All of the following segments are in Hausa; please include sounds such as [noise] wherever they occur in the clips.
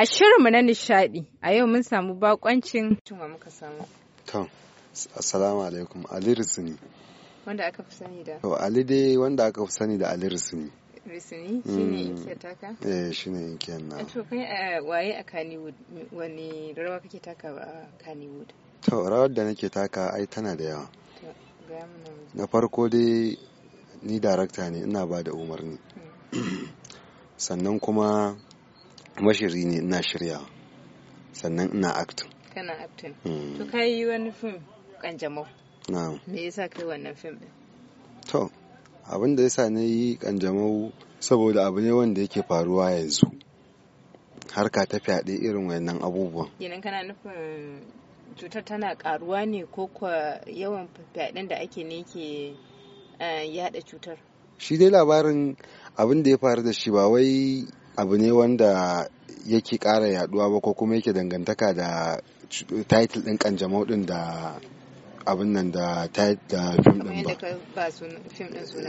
A shirinmu na nishadi a yau mun samu bakoncin tuma muka samu. To, assalamu alaikum Ali Rusuni. Wanda aka fi sani da? To, Ali dai wanda aka fi sani da Ali Rusuni. Risini shine mm. yake taka? Eh, shine yake na. To, kai eh, waye a Kannywood wani rawa kake taka a Kannywood? To, rawar da nake taka ai tana da yawa. Na farko dai ni darakta ne ina ba da umarni. Mm. [clears throat] Sannan kuma mashiri ne ina shirya sannan ina acting kana acting hmm. to kai yi wani fim kanjamau na me yasa kai wannan fim din to abin da yasa na yi kanjamau saboda abu ne wanda yake faruwa yanzu harka ta fyaɗe irin wayannan abubuwan kenan kana nufin cutar tana karuwa ne ko kwa yawan fyaɗen da ake ne ke eh, yada cutar shi dai labarin abin da ya faru da shi ba wai abu ne wanda yake ƙara yaduwa ba ko kuma yake dangantaka da title ɗin kanjamau ɗin da abin nan da ta da fim din ba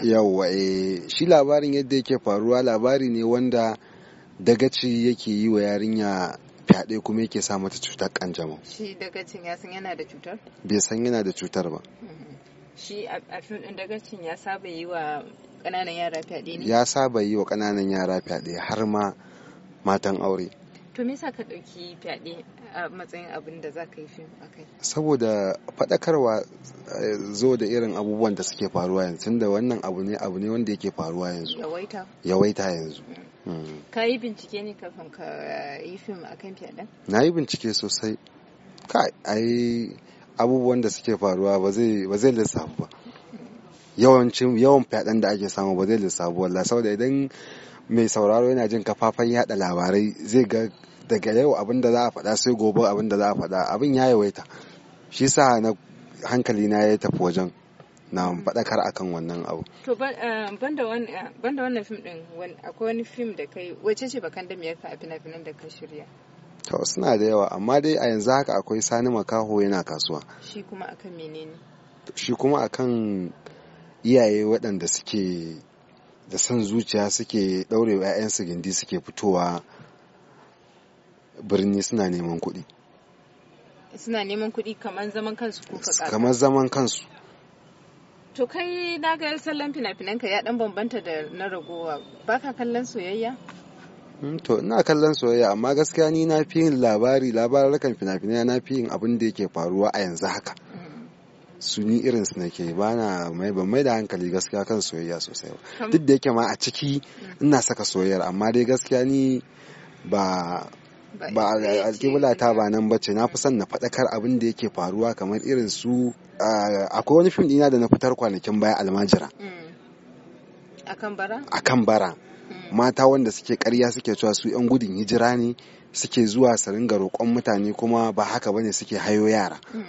yawwa eh shi labarin yadda yake faruwa labari ne wanda dagaci yake yi wa yarinya fyaɗe kuma yake sa mata cutar kanjamau shi dagacin ya san yana da cutar bai san yana da cutar ba hmm. shi a fim ɗin dagacin ya saba yi wa kananan yara fyaɗe ne ya saba yi wa kananan yara fyaɗe har ma matan aure to me ka ɗauki fyaɗe a matsayin abin da za ka yi fim a kai saboda faɗakarwa eh, zo da irin abubuwan da suke faruwa yanzu tunda wannan abu ne abu ne wanda yake faruwa yanzu yawaita yawaita yanzu mm. Mm. ka yi bincike ne kafin ka yi fim a kan fyaɗen na yi bincike sosai kai ai abubuwan da suke faruwa ba zai lissafu ba yawancin yawan fyaɗen da ake samu ba zai lissafu wallah saboda idan mai sauraro yana jin kafafen yada labarai zai ga daga yau abin da za a faɗa sai gobe abin da za a faɗa abin ya yawaita shi sa na hankali na ya tafi wajen na faɗakar akan wannan abu. To banda eh, eh, wannan fim ɗin akwai wani fim da kai wacce ce bakan da me yasa a fina-finan da ka shirya? to suna da yawa amma dai a yanzu haka akwai sani makaho yana kasuwa shi kuma akan menene shi kuma akan iyaye waɗanda suke da son zuciya suke ɗaure 'ya'yansu gindi suke fitowa birni suna neman kuɗi suna neman kuɗi kamar zaman kansu ko kamar zaman kansu to kai na ga sallan fina-finanka ya ɗan bambanta da na ragowa baka kallon soyayya Hmm, to ina kallon soyayya amma gaskiya ni na fi yin labari kan fina-finai na fi yin abin da yake faruwa a yanzu haka su ni irin su nake ba na mai ban mai da hankali gaskiya kan soyayya sosai ba duk da yake ma a ciki ina saka soyayyar amma dai gaskiya ni ba ba alƙibla ta ba nan bace na fi son na faɗakar abin da yake faruwa kamar irin su akwai wani fim ɗina da na fitar kwanakin baya almajira hmm. a kan bara hmm. mata wanda suke karya suke cewa su 'yan gudun hijira ne suke zuwa su ringa roƙon mutane kuma ba haka bane suke hayo yara hmm.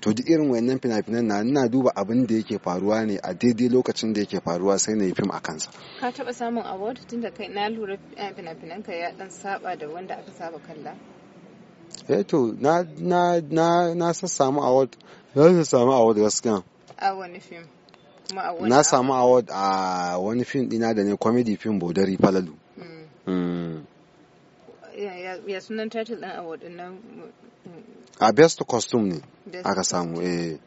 to duk irin wayannan fina-finan na ina duba abin da yake faruwa ne a daidai lokacin da yake faruwa sai na yi fim a kansa ka taba samun award tun da kai na lura eh, fina-finan ka ya dan saba da wanda aka saba kalla eh to na na na na sassamu award na sassamu award gaskiya a wani fim na samu award a wani fim dina da ne comedy fim bodari falalu mm. Mm. ya sunan title din award din a best costume ne aka samu eh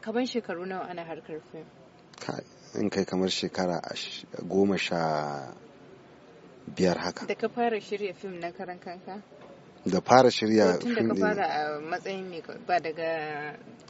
kaban shekaru nawa ana harkar fim in kai kamar shekara goma sha biyar haka da ka fara shirya fim na karan kanka da fara shirya eh, fim da ka fara a matsayin ne ba daga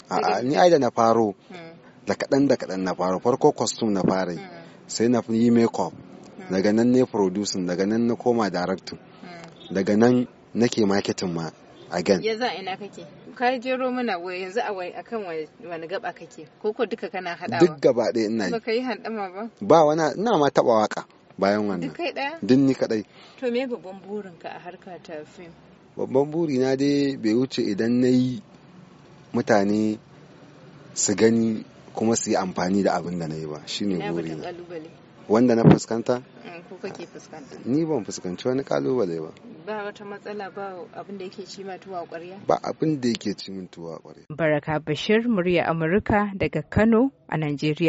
a ni ai da na faro mm. da kaɗan da kaɗan na fara farko costume na fara yi mm. sai na yi makeup mm. daga nan ne producing daga nan na koma directing mm. daga nan nake marketing ma again yanzu a ina kake ka jero wai yanzu a wai akan wani gaba kake ko ko duka kana hadawa duk gaba ɗaya ina yi baka yi handama ba ba wani ina ma taba waka bayan wannan duk kai ɗaya duk ni kadai to me babban burin ka a harka ta film babban buri na dai bai wuce idan na yi mutane su gani kuma su yi amfani da abin da na yi ba ne buri na wanda na fuskanta mm, fuskanta ni ban fuskanci wani kalubale ba ba wata matsala ba abin da yake ci tuwa ƙwarya ba abin da yake ci tuwa baraka bashir murya amurka daga kano a najeriya